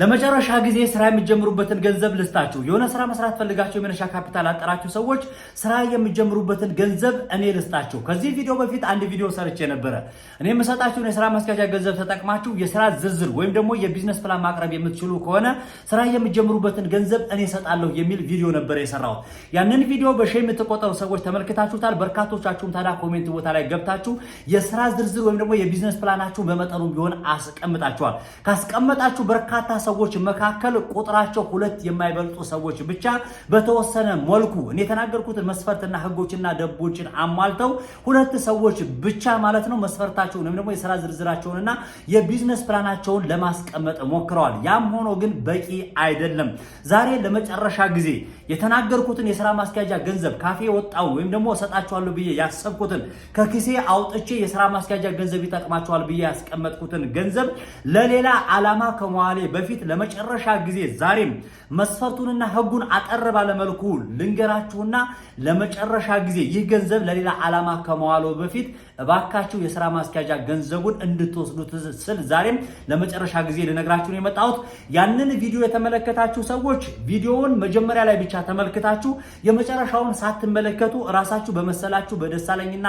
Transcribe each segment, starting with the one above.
ለመጨረሻ ጊዜ ስራ የሚጀምሩበትን ገንዘብ ልስታችሁ። የሆነ ስራ መስራት ፈልጋችሁ የመነሻ ካፒታል አጠራችሁ ሰዎች ስራ የሚጀምሩበትን ገንዘብ እኔ ልስጣችሁ። ከዚህ ቪዲዮ በፊት አንድ ቪዲዮ ሰርቼ ነበረ። እኔ የምሰጣችሁን የስራ ማስኪያጃ ገንዘብ ተጠቅማችሁ የስራ ዝርዝር ወይም ደግሞ የቢዝነስ ፕላን ማቅረብ የምትችሉ ከሆነ ስራ የሚጀምሩበትን ገንዘብ እኔ እሰጣለሁ የሚል ቪዲዮ ነበረ የሰራው። ያንን ቪዲዮ በሺ የምትቆጠሩ ሰዎች ተመልክታችሁታል። በርካቶቻችሁም ታዲያ ኮሜንት ቦታ ላይ ገብታችሁ የስራ ዝርዝር ወይም ደግሞ የቢዝነስ ፕላናችሁን በመጠኑ ቢሆን አስቀምጣችኋል። ካስቀመጣችሁ በርካታ ሰዎች መካከል ቁጥራቸው ሁለት የማይበልጡ ሰዎች ብቻ በተወሰነ መልኩ እኔ የተናገርኩትን መስፈርትና ህጎችና ደንቦችን አሟልተው ሁለት ሰዎች ብቻ ማለት ነው መስፈርታቸውን ወይም ደግሞ የስራ ዝርዝራቸውንና የቢዝነስ ፕላናቸውን ለማስቀመጥ ሞክረዋል። ያም ሆኖ ግን በቂ አይደለም። ዛሬ ለመጨረሻ ጊዜ የተናገርኩትን የስራ ማስኪያጃ ገንዘብ ካፌ ወጣው ወይም ደግሞ እሰጣቸዋለሁ ብዬ ያሰብኩትን ከኪሴ አውጥቼ የስራ ማስኪያጃ ገንዘብ ይጠቅማቸዋል ብዬ ያስቀመጥኩትን ገንዘብ ለሌላ ዓላማ ከመዋሌ በፊት በፊት ለመጨረሻ ጊዜ ዛሬም መስፈርቱንና ህጉን አጠር ባለመልኩ ልንገራችሁና ለመጨረሻ ጊዜ ይህ ገንዘብ ለሌላ ዓላማ ከመዋሉ በፊት እባካችሁ የስራ ማስኪያጃ ገንዘቡን እንድትወስዱት ስል ዛሬም ለመጨረሻ ጊዜ ልነግራችሁ ነው የመጣሁት። ያንን ቪዲዮ የተመለከታችሁ ሰዎች ቪዲዮውን መጀመሪያ ላይ ብቻ ተመልክታችሁ የመጨረሻውን ሳትመለከቱ እራሳችሁ በመሰላችሁ በደሳለኝና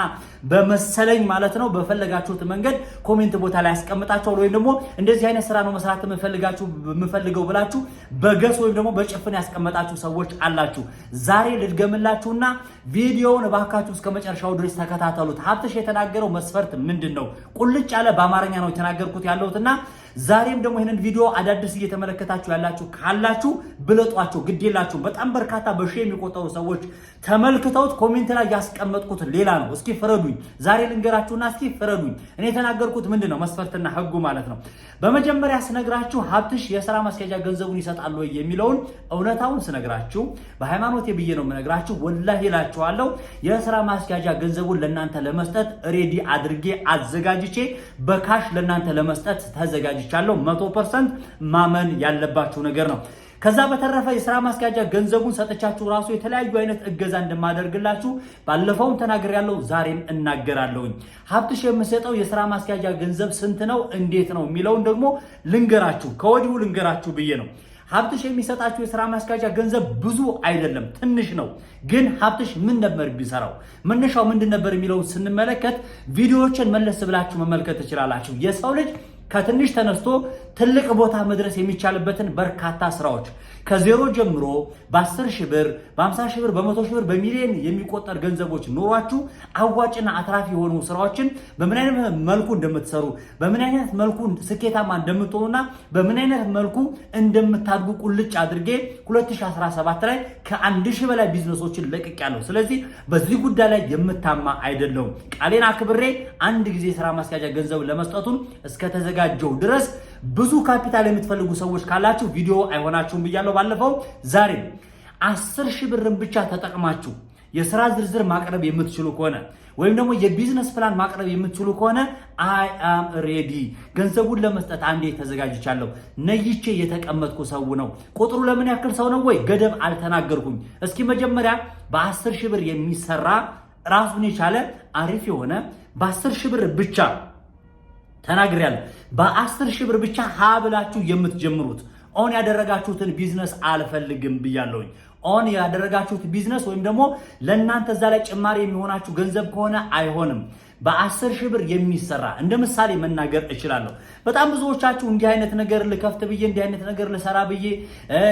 በመሰለኝ ማለት ነው በፈለጋችሁት መንገድ ኮሜንት ቦታ ላይ ያስቀምጣችኋል። ወይም ደግሞ እንደዚህ አይነት ስራ ነው መስራት የምፈልጋችሁ የምፈልገው ብላችሁ በገስ ወይም ደግሞ በጭፍን ያስቀመጣችሁ ሰዎች አላችሁ። ዛሬ ልድገምላችሁና ቪዲዮውን እባካችሁ እስከ መጨረሻው ድረስ ተከታተሉት። ሀብትሽ የተናገረው መስፈርት ምንድን ነው? ቁልጭ ያለ በአማርኛ ነው የተናገርኩት ያለሁትና ዛሬም ደግሞ ይህንን ቪዲዮ አዳዲስ እየተመለከታችሁ ያላችሁ ካላችሁ ብለጧቸው፣ ግድ የላችሁ። በጣም በርካታ በሺ የሚቆጠሩ ሰዎች ተመልክተውት ኮሜንት ላይ ያስቀመጥኩት ሌላ ነው። እስኪ ፍረዱኝ። ዛሬ ልንገራችሁና እስኪ ፍረዱኝ። እኔ የተናገርኩት ምንድን ነው? መስፈርትና ህጉ ማለት ነው። በመጀመሪያ ስነግራችሁ ሀብትሽ የስራ ማስኬጃ ገንዘቡን ይሰጣል ወይ የሚለውን እውነታውን ስነግራችሁ በሃይማኖቴ ብዬ ነው የምነግራችሁ። ወላሂ እላችኋለሁ የስራ ማስኬጃ ገንዘቡን ለእናንተ ለመስጠት ሬዲ አድርጌ አዘጋጅቼ በካሽ ለእናንተ ለመስጠት ተዘጋጅ አይቻለሁ። መቶ ፐርሰንት ማመን ያለባችሁ ነገር ነው። ከዛ በተረፈ የስራ ማስኪያጃ ገንዘቡን ሰጥቻችሁ ራሱ የተለያዩ አይነት እገዛ እንደማደርግላችሁ ባለፈውም ያለው ዛሬም እናገራለሁኝ። ሀብትሽ የምሰጠው የስራ ማስኪያጃ ገንዘብ ስንት ነው፣ እንዴት ነው የሚለውን ደግሞ ልንገራችሁ፣ ከወዲሁ ልንገራችሁ ብዬ ነው። ሀብትሽ የሚሰጣችሁ የስራ ማስኪያጃ ገንዘብ ብዙ አይደለም፣ ትንሽ ነው። ግን ሀብትሽ ምን ነበር ቢሰራው መነሻው ምንድን ነበር የሚለውን ስንመለከት ቪዲዮዎችን መለስ ብላችሁ መመልከት ትችላላችሁ። የሰው ልጅ ከትንሽ ተነስቶ ትልቅ ቦታ መድረስ የሚቻልበትን በርካታ ስራዎች ከዜሮ ጀምሮ በ10 ሺህ ብር፣ በ50 ሺህ ብር፣ በ100 ሺህ ብር፣ በሚሊዮን የሚቆጠር ገንዘቦች ኖሯችሁ አዋጭና አትራፊ የሆኑ ስራዎችን በምን አይነት መልኩ እንደምትሰሩ፣ በምን አይነት መልኩ ስኬታማ እንደምትሆኑና በምን አይነት መልኩ እንደምታድጉ ቁልጭ አድርጌ 2017 ላይ ከአንድ ሺህ በላይ ቢዝነሶችን ለቅቄያለሁ። ስለዚህ በዚህ ጉዳይ ላይ የምታማ አይደለሁም። ቃሌን አክብሬ አንድ ጊዜ ስራ ማስኪያጃ ገንዘብ ለመስጠቱን እስከተዘጋጀው ድረስ ብዙ ካፒታል የምትፈልጉ ሰዎች ካላችሁ ቪዲዮ አይሆናችሁም ብያለሁ ባለፈው። ዛሬ አስር ሺህ ብርን ብቻ ተጠቅማችሁ የስራ ዝርዝር ማቅረብ የምትችሉ ከሆነ ወይም ደግሞ የቢዝነስ ፕላን ማቅረብ የምትችሉ ከሆነ አይ አም ሬዲ ገንዘቡን ለመስጠት አንዴ ተዘጋጅቻለሁ። ነይቼ የተቀመጥኩ ሰው ነው። ቁጥሩ ለምን ያክል ሰው ነው ወይ ገደብ አልተናገርኩም። እስኪ መጀመሪያ በአስር ሺህ ብር የሚሰራ ራሱን የቻለ አሪፍ የሆነ በአስር ሺህ ብር ብቻ ተናግሬያለሁ። በአስር ሺህ ብር ብቻ ሀብላችሁ የምትጀምሩት ኦን ያደረጋችሁትን ቢዝነስ አልፈልግም ብያለሁኝ። ኦን ያደረጋችሁት ቢዝነስ ወይም ደግሞ ለእናንተ እዛ ላይ ጭማሪ የሚሆናችሁ ገንዘብ ከሆነ አይሆንም። በአስር ሺህ ብር የሚሰራ እንደ ምሳሌ መናገር እችላለሁ። በጣም ብዙዎቻችሁ እንዲህ አይነት ነገር ልከፍት ብዬ እንዲህ አይነት ነገር ልሰራ ብዬ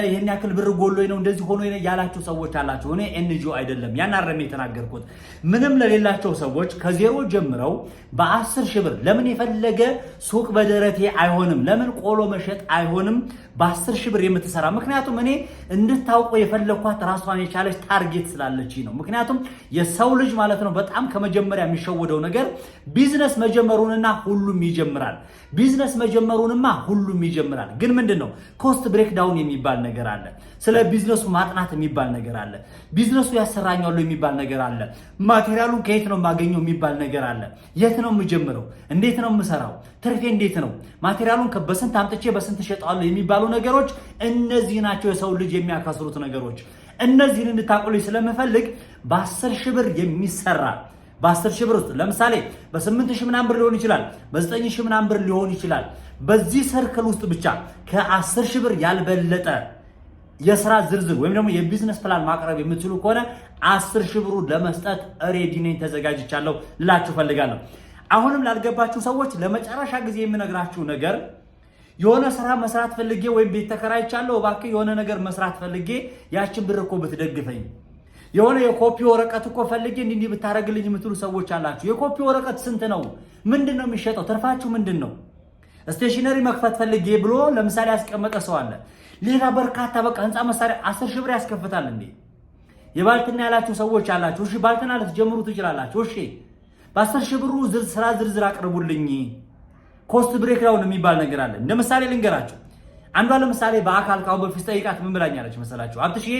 ይህን ያክል ብር ጎሎ ነው እንደዚህ ሆኖ ያላችሁ ሰዎች አላችሁ። እኔ ኤንጂኦ አይደለም ያን የተናገርኩት ምንም ለሌላቸው ሰዎች ከዜሮ ጀምረው በአስር ሺህ ብር ለምን የፈለገ ሱቅ በደረቴ አይሆንም፣ ለምን ቆሎ መሸጥ አይሆንም በአስር ሺህ ብር የምትሰራ ምክንያቱም እኔ እንድታውቁ የፈለግኳት ራሷን የቻለች ታርጌት ስላለች ነው። ምክንያቱም የሰው ልጅ ማለት ነው በጣም ከመጀመሪያ የሚሸወደው ነገር ነገር ቢዝነስ መጀመሩንና ሁሉም ይጀምራል። ቢዝነስ መጀመሩንማ ሁሉም ይጀምራል። ግን ምንድን ነው ኮስት ብሬክዳውን የሚባል ነገር አለ። ስለ ቢዝነሱ ማጥናት የሚባል ነገር አለ። ቢዝነሱ ያሰራኛሉ የሚባል ነገር አለ። ማቴሪያሉን ከየት ነው የማገኘው የሚባል ነገር አለ። የት ነው የምጀምረው? እንዴት ነው የምሰራው? ትርፌ እንዴት ነው? ማቴሪያሉን በስንት አምጥቼ በስንት እሸጠዋለሁ የሚባሉ ነገሮች፣ እነዚህ ናቸው የሰው ልጅ የሚያካስሩት ነገሮች። እነዚህን እንድታቆሉ ስለምፈልግ በአስር ሺህ ብር የሚሰራ በአስር ሺህ ብር ውስጥ ለምሳሌ በስምንት ሺህ ምናምን ብር ሊሆን ይችላል፣ በዘጠኝ ሺህ ምናምን ብር ሊሆን ይችላል። በዚህ ሰርክል ውስጥ ብቻ ከአስር ሺህ ብር ያልበለጠ የስራ ዝርዝር ወይም ደግሞ የቢዝነስ ፕላን ማቅረብ የምትችሉ ከሆነ አስር ሺህ ብሩ ለመስጠት ሬዲ ነኝ ተዘጋጅቻለሁ ልላችሁ ፈልጋለሁ። አሁንም ላልገባችሁ ሰዎች ለመጨረሻ ጊዜ የምነግራችሁ ነገር የሆነ ስራ መስራት ፈልጌ ወይም ቤት ተከራይቻለሁ፣ እባክህ የሆነ ነገር መስራት ፈልጌ ያችን ብር እኮ ብትደግፈኝ የሆነ የኮፒ ወረቀት እኮ ፈልጌ እንዲህ ብታደርግልኝ የምትሉ ሰዎች አላችሁ። የኮፒ ወረቀት ስንት ነው? ምንድን ነው የሚሸጠው? ትርፋችሁ ምንድን ነው? ስቴሽነሪ መክፈት ፈልጌ ብሎ ለምሳሌ ያስቀመጠ ሰው አለ። ሌላ በርካታ በቃ ህንፃ መሳሪያ አስር ሺህ ብር ያስከፍታል እንዴ! የባልትና ያላችሁ ሰዎች አላችሁ። እሺ ባልትና ልትጀምሩ ትችላላችሁ። እሺ በአስር ሺህ ብሩ ስራ ዝርዝር አቅርቡልኝ። ኮስት ብሬክዳውን የሚባል ነገር አለ። እንደ ምሳሌ ልንገራችሁ። አንዷ ለምሳሌ በአካል ካሁን በፊት ጠይቃት ምን ብላኛለች መሰላችሁ? አብትሽዬ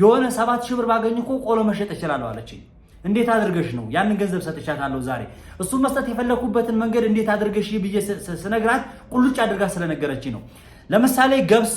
የሆነ ሰባት ሺህ ብር ባገኝ እኮ ቆሎ መሸጥ እችላለሁ አለችኝ። እንዴት አድርገሽ ነው ያንን ገንዘብ ሰጥቻታለሁ ዛሬ እሱ መስጠት የፈለኩበትን መንገድ እንዴት አድርገሽ ብዬ ስነግራት ቁልጭ አድርጋ ስለነገረች ነው። ለምሳሌ ገብስ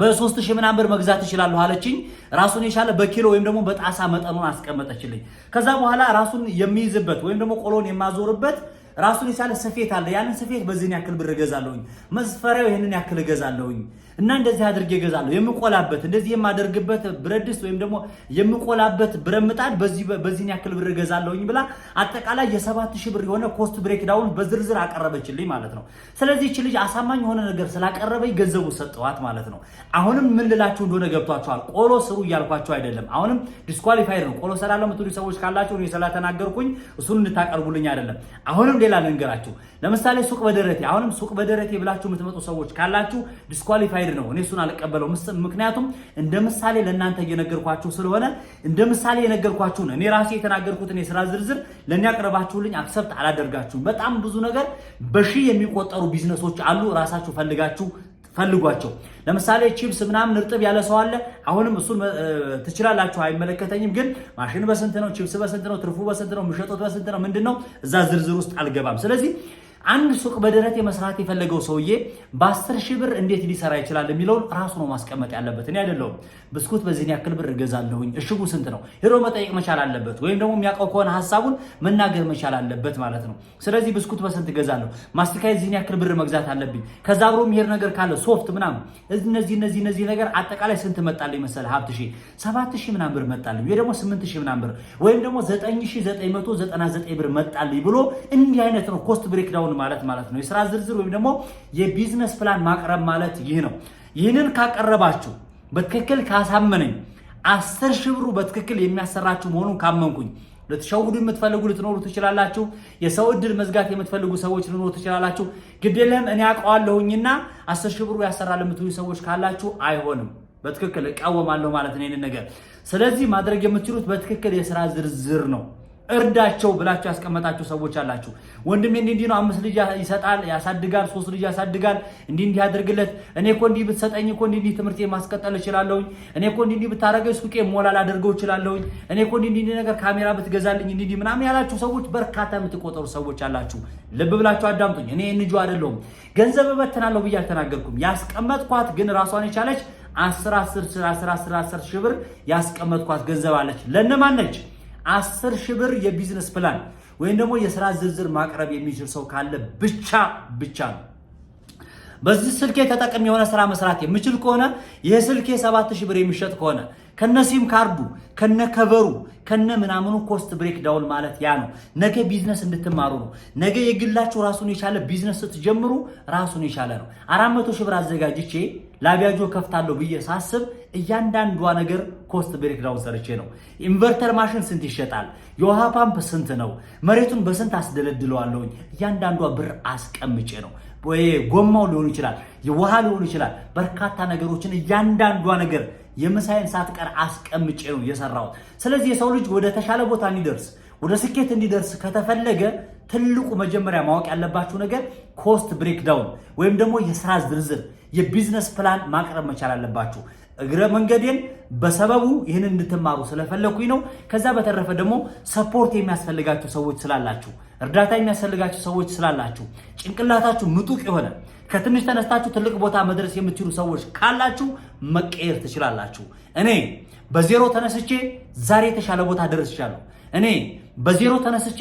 በሶስት ሺህ ምናምን ብር መግዛት እችላለሁ አለችኝ። ራሱን የቻለ በኪሎ ወይም ደግሞ በጣሳ መጠኑን አስቀመጠችልኝ። ከዛ በኋላ ራሱን የሚይዝበት ወይም ደግሞ ቆሎን የማዞርበት ራሱን የቻለ ስፌት አለ። ያንን ስፌት በዚህን ያክል ብር እገዛለሁኝ፣ መስፈሪያው ይህንን ያክል እገዛለሁኝ እና እንደዚህ አድርጌ እገዛለሁ። የምቆላበት እንደዚህ የማደርግበት ብረት ድስት ወይም ደግሞ የምቆላበት ብረት ምጣድ በዚህ በዚህን ያክል ብር እገዛለሁኝ ብላ አጠቃላይ የሰባት ሺህ ብር የሆነ ኮስት ብሬክዳውን በዝርዝር አቀረበችልኝ ማለት ነው። ስለዚህ ይህች ልጅ አሳማኝ የሆነ ነገር ስላቀረበኝ ገንዘቡ ሰጠዋት ማለት ነው። አሁንም ምን ልላችሁ እንደሆነ ገብቷችኋል። ቆሎ ስሩ እያልኳቸው አይደለም። አሁንም ዲስኳሊፋይድ ነው። ቆሎ ሰላለ ምትሉ ሰዎች ካላችሁ እኔ ስላተናገርኩኝ እሱን እንድታቀርቡልኝ አይደለም። አሁንም ሌላ ልንገራችሁ። ለምሳሌ ሱቅ በደረቴ አሁንም ሱቅ በደረቴ ብላችሁ የምትመጡ ሰዎች ካላችሁ ዲስኳሊፋይ የማይሄድ ነው። እኔ እሱን አልቀበለው። ምክንያቱም እንደ ምሳሌ ለእናንተ እየነገርኳችሁ ስለሆነ እንደ ምሳሌ የነገርኳችሁን እኔ ራሴ የተናገርኩትን የስራ ዝርዝር ለእኔ ያቀረባችሁልኝ አክሰብት አላደርጋችሁም። በጣም ብዙ ነገር በሺህ የሚቆጠሩ ቢዝነሶች አሉ። ራሳችሁ ፈልጋችሁ ፈልጓቸው። ለምሳሌ ቺፕስ ምናምን እርጥብ ያለ ሰው አለ። አሁንም እሱን ትችላላችሁ፣ አይመለከተኝም። ግን ማሽን በስንት ነው? ቺፕስ በስንት ነው? ትርፉ በስንት ነው? የሚሸጡት በስንት ነው? ምንድን ነው? እዛ ዝርዝር ውስጥ አልገባም። ስለዚህ አንድ ሱቅ በደረት መስራት የፈለገው ሰውዬ በአስር ሺህ ብር እንዴት ሊሰራ ይችላል የሚለውን ራሱ ነው ማስቀመጥ ያለበት። እኔ አይደለሁም። ብስኩት በዚህን ያክል ብር እገዛለሁኝ፣ እሽጉ ስንት ነው ሄዶ መጠየቅ መቻል አለበት። ወይም ደግሞ የሚያውቀው ከሆነ ሀሳቡን መናገር መቻል አለበት ማለት ነው። ስለዚህ ብስኩት በስንት እገዛለሁ፣ ማስቲካ የዚህን ያክል ብር መግዛት አለብኝ፣ ከዛ አብሮ የሚሄድ ነገር ካለ ሶፍት ምናምን፣ እነዚህ እነዚህ እነዚህ ነገር አጠቃላይ ስንት መጣልኝ መሰለህ ሀብት ሺህ ሰባት ሺህ ምናምን ብር መጣልኝ፣ ወይ ደግሞ ስምንት ሺህ ምናምን ብር ወይም ደግሞ ዘጠኝ ሺህ ዘጠኝ መቶ ዘጠና ዘጠኝ ብር መጣልኝ ብሎ እንዲህ አይነት ነው ኮስት ብሬክዳውን መሆን ማለት ማለት ነው። የስራ ዝርዝር ወይም ደግሞ የቢዝነስ ፕላን ማቅረብ ማለት ይህ ነው። ይህንን ካቀረባችሁ በትክክል ካሳመነኝ አስር ሺህ ብሩ በትክክል የሚያሰራችሁ መሆኑን ካመንኩኝ ልትሸውዱ የምትፈልጉ ልትኖሩ ትችላላችሁ። የሰው እድል መዝጋት የምትፈልጉ ሰዎች ልኖሩ ትችላላችሁ። ግድለም እኔ አውቀዋለሁኝና አስር ሺህ ብሩ ያሰራል የምትሉ ሰዎች ካላችሁ አይሆንም፣ በትክክል እቃወማለሁ ማለት ነው ይህንን ነገር። ስለዚህ ማድረግ የምትችሉት በትክክል የስራ ዝርዝር ነው። እርዳቸው ብላችሁ ያስቀመጣችሁ ሰዎች አላችሁ። ወንድሜ እንዲህ እንዲህ ነው፣ አምስት ልጅ ይሰጣል ያሳድጋል፣ ሶስት ልጅ ያሳድጋል፣ እንዲህ እንዲህ ያድርግለት። እኔ እኮ እንዲህ ብትሰጠኝ እኮ እንዲህ እንዲህ ትምህርቴ ማስቀጠል እችላለሁኝ። እኔ እኮ እንዲህ እንዲህ ብታረገኝ ሱቄ ሞላ ላደርገው እችላለሁኝ። እኔ እኮ እንዲህ እንዲህ ነገር ካሜራ ብትገዛልኝ እንዲህ እንዲህ ምናምን ያላችሁ ሰዎች በርካታ የምትቆጠሩ ሰዎች አላችሁ። ልብ ብላችሁ አዳምጡኝ። እኔ እንጂ አይደለሁም ገንዘብ እበትናለሁ ብዬ አልተናገርኩም። ያስቀመጥኳት ግን ራሷን የቻለች 10 10 10 10 ሺህ ብር ያስቀመጥኳት ገንዘብ አለች። ለእነማን ነች? አስር ሺህ ብር የቢዝነስ ፕላን ወይም ደግሞ የስራ ዝርዝር ማቅረብ የሚችል ሰው ካለ ብቻ ብቻ ነው። በዚህ ስልኬ ተጠቅም የሆነ ስራ መስራት የምችል ከሆነ ይህ ስልኬ 7000 ብር የሚሸጥ ከሆነ ከነ ሲም ካርዱ ከነ ከቨሩ ከነ ምናምኑ ኮስት ብሬክ ዳውን ማለት ያ ነው። ነገ ቢዝነስ እንድትማሩ ነው። ነገ የግላችሁ ራሱን የቻለ ቢዝነስ ስትጀምሩ ራሱን የቻለ ነው። 400 ሺህ ብር አዘጋጅቼ ላቢያጆ ከፍታለሁ ብዬ ሳስብ እያንዳንዷ ነገር ኮስት ብሬክ ዳውን ሰርቼ ነው። ኢንቨርተር ማሽን ስንት ይሸጣል? የውሃ ፓምፕ ስንት ነው? መሬቱን በስንት አስደለድለዋለሁኝ? እያንዳንዷ ብር አስቀምጬ ነው። ጎማው ሊሆን ይችላል፣ ውሃ ሊሆን ይችላል። በርካታ ነገሮችን እያንዳንዷ ነገር የምሳዬን ሳትቀር አስቀምጬ ነው የሰራሁት። ስለዚህ የሰው ልጅ ወደ ተሻለ ቦታ እንዲደርስ ወደ ስኬት እንዲደርስ ከተፈለገ ትልቁ መጀመሪያ ማወቅ ያለባችሁ ነገር ኮስት ብሬክዳውን ወይም ደግሞ የስራ ዝርዝር የቢዝነስ ፕላን ማቅረብ መቻል አለባችሁ። እግረ መንገዴን በሰበቡ ይህንን እንድትማሩ ስለፈለኩኝ ነው። ከዛ በተረፈ ደግሞ ሰፖርት የሚያስፈልጋቸው ሰዎች ስላላችሁ እርዳታ የሚያስፈልጋችሁ ሰዎች ስላላችሁ ጭንቅላታችሁ ምጡቅ የሆነ ከትንሽ ተነስታችሁ ትልቅ ቦታ መድረስ የምትችሉ ሰዎች ካላችሁ መቀየር ትችላላችሁ። እኔ በዜሮ ተነስቼ ዛሬ የተሻለ ቦታ ደርሻለሁ። እኔ በዜሮ ተነስቼ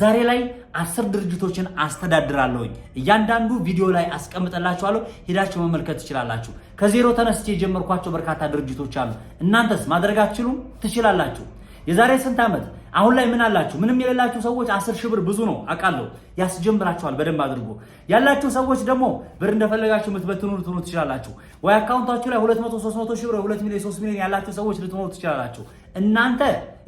ዛሬ ላይ አስር ድርጅቶችን አስተዳድራለሁኝ። እያንዳንዱ ቪዲዮ ላይ አስቀምጠላችኋለሁ፣ ሄዳችሁ መመልከት ትችላላችሁ። ከዜሮ ተነስቼ የጀመርኳቸው በርካታ ድርጅቶች አሉ። እናንተስ ማድረግ አትችሉም? ትችላላችሁ። የዛሬ ስንት ዓመት አሁን ላይ ምን አላችሁ? ምንም የሌላችሁ ሰዎች አስር ሺህ ብር ብዙ ነው አውቃለሁ፣ ያስጀምራችኋል በደንብ አድርጎ። ያላችሁ ሰዎች ደግሞ ብር እንደፈለጋችሁ የምትበትኑ ልትሆኑ ትችላላችሁ። ወይ አካውንታችሁ ላይ 200፣ 300 ሺህ ብር፣ 2 ሚሊዮን፣ 3 ሚሊዮን ያላችሁ ሰዎች ልትኖሩ ትችላላችሁ። እናንተ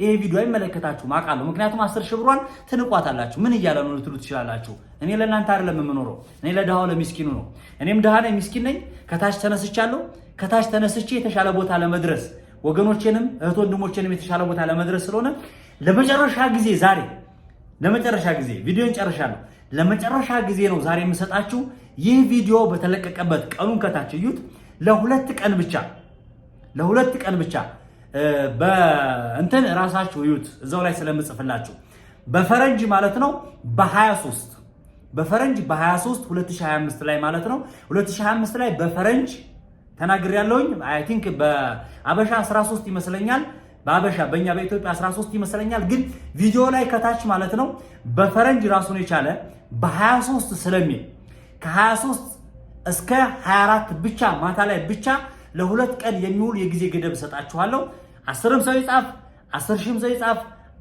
ይሄ ቪዲዮ አይመለከታችሁም አውቃለሁ። ምክንያቱም አስር ሺህ ብሯን ትንቋታላችሁ። ምን እያለ ነው ልትሉ ትችላላችሁ። እኔ ለእናንተ አይደለም የምኖረው፣ እኔ ለድሃው ለሚስኪኑ ነው። እኔም ድሃ ነኝ፣ ሚስኪን ነኝ። ከታች ተነስቻለሁ። ከታች ተነስቼ የተሻለ ቦታ ለመድረስ ወገኖቼንም እህት ወንድሞቼንም የተሻለ ቦታ ለመድረስ ስለሆነ ለመጨረሻ ጊዜ ዛሬ ለመጨረሻ ጊዜ ቪዲዮን ጨርሻለሁ። ለመጨረሻ ጊዜ ነው ዛሬ የምሰጣችሁ። ይህ ቪዲዮ በተለቀቀበት ቀኑን ከታች እዩት። ለሁለት ቀን ብቻ ለሁለት ቀን ብቻ በእንትን ራሳችሁ እዩት። እዛው ላይ ስለምጽፍላችሁ በፈረንጅ ማለት ነው በ23 በፈረንጅ በ23 2025 ላይ ማለት ነው 2025 ላይ በፈረንጅ ያለውኝ አይ ቲንክ በአበሻ 13 ይመስለኛል በአበሻ በእኛ በኢትዮጵያ 13 ይመስለኛል። ግን ቪዲዮ ላይ ከታች ማለት ነው በፈረንጅ ራሱን የቻለ በ23 ስለሚል ከ23 እስከ 24 ብቻ ማታ ላይ ብቻ ለሁለት ቀን የሚውል የጊዜ ገደብ እሰጣችኋለሁ። አስርም ሰው ይጻፍ፣ አስር ሺህም ሰው ይጻፍ፣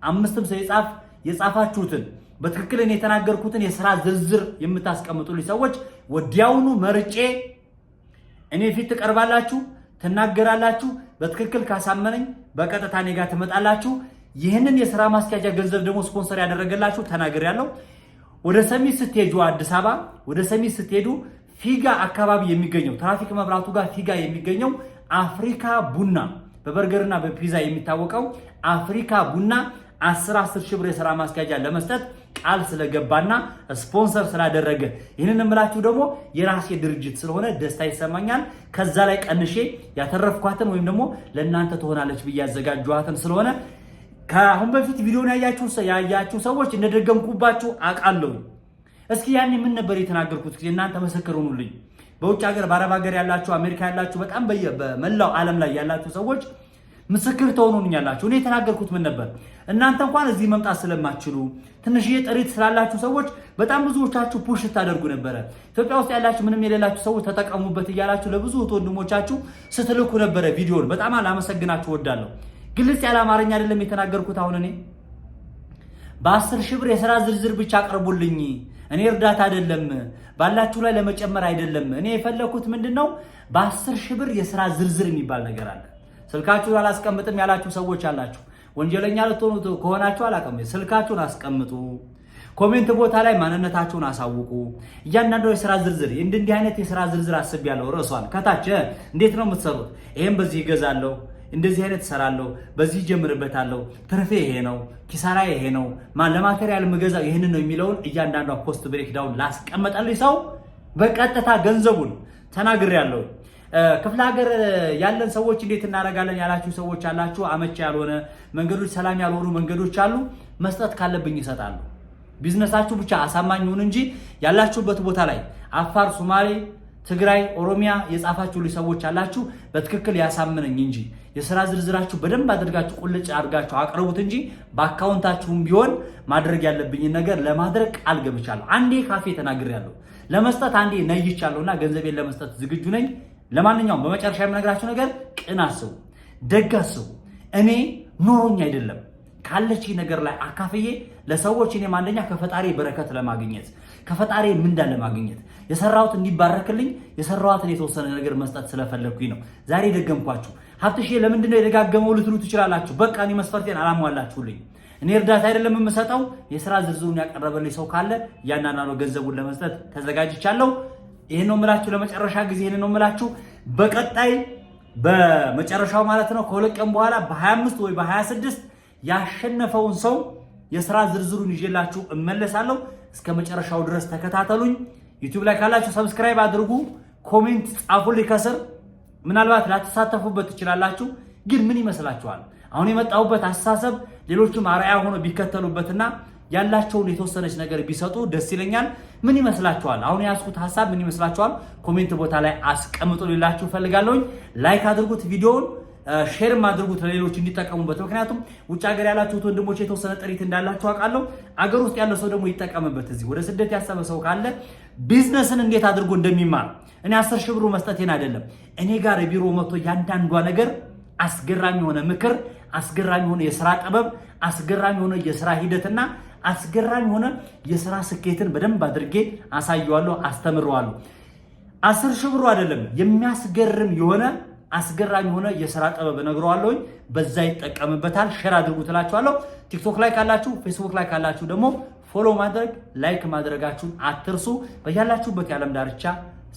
አምስትም ሰው ይጻፍ። የጻፋችሁትን በትክክል እኔ የተናገርኩትን የስራ ዝርዝር የምታስቀምጡልኝ ሰዎች ወዲያውኑ መርጬ እኔ ፊት ትቀርባላችሁ፣ ትናገራላችሁ በትክክል ካሳመነኝ በቀጥታ እኔ ጋር ትመጣላችሁ። ይህንን የስራ ማስኪያጃ ገንዘብ ደግሞ ስፖንሰር ያደረገላችሁ ተናገር ያለው ወደ ሰሚት ስትሄዱ አዲስ አበባ ወደ ሰሚት ስትሄዱ ፊጋ አካባቢ የሚገኘው ትራፊክ መብራቱ ጋር ፊጋ የሚገኘው አፍሪካ ቡና በበርገርና በፒዛ የሚታወቀው አፍሪካ ቡና 10 10 ሺህ ብር የስራ ማስኪያጃ ለመስጠት ቃል ስለገባና ስፖንሰር ስላደረገ ይህንን ምላችሁ ደግሞ የራሴ ድርጅት ስለሆነ ደስታ ይሰማኛል። ከዛ ላይ ቀንሼ ያተረፍኳትን ወይም ደግሞ ለእናንተ ትሆናለች ብዬ ያዘጋጇትን ስለሆነ ከአሁን በፊት ቪዲዮን ያያችሁ ሰዎች እንደደገምኩባችሁ አውቃለሁ። እስኪ ያኔ ምን ነበር የተናገርኩት? እናንተ መሰክር በውጭ ሀገር በአረብ ሀገር ያላችሁ አሜሪካ ያላችሁ በጣም በመላው ዓለም ላይ ያላችሁ ሰዎች ምስክር ትሆኑኛላችሁ። እኔ የተናገርኩት ምን ነበር? እናንተ እንኳን እዚህ መምጣት ስለማትችሉ ትንሽዬ ጥሪት ስላላችሁ ሰዎች በጣም ብዙዎቻችሁ ፑሽ ስታደርጉ ነበረ። ኢትዮጵያ ውስጥ ያላችሁ ምንም የሌላችሁ ሰዎች ተጠቀሙበት እያላችሁ ለብዙ እህት ወንድሞቻችሁ ስትልኩ ነበረ። ቪዲዮን በጣም ላመሰግናችሁ እወዳለሁ። ግልጽ ያለ አማርኛ አይደለም የተናገርኩት። አሁን እኔ በአስር ሺህ ብር የስራ ዝርዝር ብቻ አቅርቡልኝ እኔ እርዳታ አይደለም ባላችሁ ላይ ለመጨመር አይደለም። እኔ የፈለኩት ምንድን ነው በአስር ሺህ ብር የስራ ዝርዝር የሚባል ነገር አለ ስልካችሁ አላስቀምጥም ያላችሁ ሰዎች አላችሁ። ወንጀለኛ ልትሆኑ ከሆናችሁ አላቀምጥ፣ ስልካችሁን አስቀምጡ። ኮሜንት ቦታ ላይ ማንነታችሁን አሳውቁ። እያንዳንዱ የስራ ዝርዝር እንዲህ እንዲህ አይነት የስራ ዝርዝር ያለው ርዕሷን ከታች እንዴት ነው የምትሰሩት? ይሄን በዚህ ይገዛለሁ፣ እንደዚህ አይነት እሰራለሁ፣ በዚህ ጀምርበታለሁ፣ ትርፌ ይሄ ነው፣ ኪሳራ ይሄ ነው፣ ለማቴሪያል የምገዛው ይህንን ነው የሚለውን እያንዳንዷ ፖስት ብሬክ ዳውን ላስቀመጠልኝ ሰው በቀጥታ ገንዘቡን ተናግሬያለሁ። ክፍለ ሀገር ያለን ሰዎች እንዴት እናደርጋለን ያላችሁ ሰዎች አላችሁ። አመች ያልሆነ መንገዶች፣ ሰላም ያልሆኑ መንገዶች አሉ። መስጠት ካለብኝ ይሰጣሉ። ቢዝነሳችሁ ብቻ አሳማኝ ይሁን እንጂ ያላችሁበት ቦታ ላይ አፋር፣ ሶማሌ፣ ትግራይ፣ ኦሮሚያ ልጅ ሰዎች አላችሁ። በትክክል ያሳምነኝ እንጂ የስራ ዝርዝራችሁ በደንብ አድርጋችሁ ቁልጭ አድርጋችሁ አቅርቡት እንጂ በአካውንታችሁም ቢሆን ማድረግ ያለብኝን ነገር ለማድረግ ቃል ገብቻለሁ። አንዴ ካፌ ተናግሬያለሁ። ለመስጠት አንዴ ነይቻለሁና ገንዘቤን ለመስጠት ዝግጁ ነኝ። ለማንኛውም በመጨረሻ የምነግራቸው ነገር ቅን አስቡ፣ ደግ አስቡ። እኔ ኖሮኝ አይደለም ካለች ነገር ላይ አካፍዬ ለሰዎች እኔም አንደኛ ከፈጣሪ በረከት ለማግኘት ከፈጣሪ ምንዳ ለማግኘት የሰራሁት እንዲባረክልኝ የሰራኋትን የተወሰነ ነገር መስጠት ስለፈለግኩኝ ነው። ዛሬ ደገምኳችሁ። ሀብትሽ ለምንድነው የደጋገመው ልትሉ ትችላላችሁ። በቃ እኔ መስፈርቴን አላሟላችሁልኝ። እኔ እርዳታ አይደለም የምሰጠው። የስራ ዝርዝሩን ያቀረበልኝ ሰው ካለ እያንዳንዱ ገንዘቡን ለመስጠት ተዘጋጅቻለሁ። ይህን ነው የምላችሁ። ለመጨረሻ ጊዜ ይህን ነው የምላችሁ። በቀጣይ በመጨረሻው ማለት ነው ከሁለት ቀን በኋላ በ25 ወይ በ26 ያሸነፈውን ሰው የስራ ዝርዝሩን ይዤላችሁ እመለሳለሁ። እስከ መጨረሻው ድረስ ተከታተሉኝ። ዩቲዩብ ላይ ካላችሁ ሰብስክራይብ አድርጉ፣ ኮሜንት ጻፉልኝ ከስር። ምናልባት ላተሳተፉበት ትችላላችሁ፣ ግን ምን ይመስላችኋል? አሁን የመጣሁበት አስተሳሰብ ሌሎችም አርአያ ሆኖ ቢከተሉበትና ያላቸውን የተወሰነች ነገር ቢሰጡ ደስ ይለኛል። ምን ይመስላችኋል? አሁን የያዝኩት ሀሳብ ምን ይመስላችኋል? ኮሜንት ቦታ ላይ አስቀምጡ ልላችሁ ፈልጋለሁኝ። ላይክ አድርጉት ቪዲዮውን ሼርም አድርጉት ለሌሎች እንዲጠቀሙበት። ምክንያቱም ውጭ ሀገር ያላችሁት ወንድሞች የተወሰነ ጥሪት እንዳላችሁ አውቃለሁ። አገር ውስጥ ያለው ሰው ደግሞ ይጠቀምበት። እዚህ ወደ ስደት ያሰበ ሰው ካለ ቢዝነስን እንዴት አድርጎ እንደሚማር እኔ አስር ሺህ ብሩ መስጠቴን አይደለም እኔ ጋር ቢሮ መጥቶ ያንዳንዷ ነገር አስገራሚ የሆነ ምክር፣ አስገራሚ የሆነ የስራ ጥበብ፣ አስገራሚ የሆነ የስራ ሂደትና አስገራሚ ሆነ የስራ ስኬትን በደንብ አድርጌ አሳየዋለሁ፣ አስተምረዋለሁ። አስር ሺህ ብሩ አይደለም የሚያስገርም የሆነ አስገራሚ የሆነ የስራ ጥበብ እነግረዋለሁኝ። በዛ ይጠቀምበታል። ሼር አድርጉ ትላችኋለሁ። ቲክቶክ ላይ ካላችሁ፣ ፌስቡክ ላይ ካላችሁ ደግሞ ፎሎ ማድረግ ላይክ ማድረጋችሁን አትርሱ። በያላችሁበት የዓለም ዳርቻ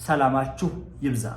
ሰላማችሁ ይብዛ።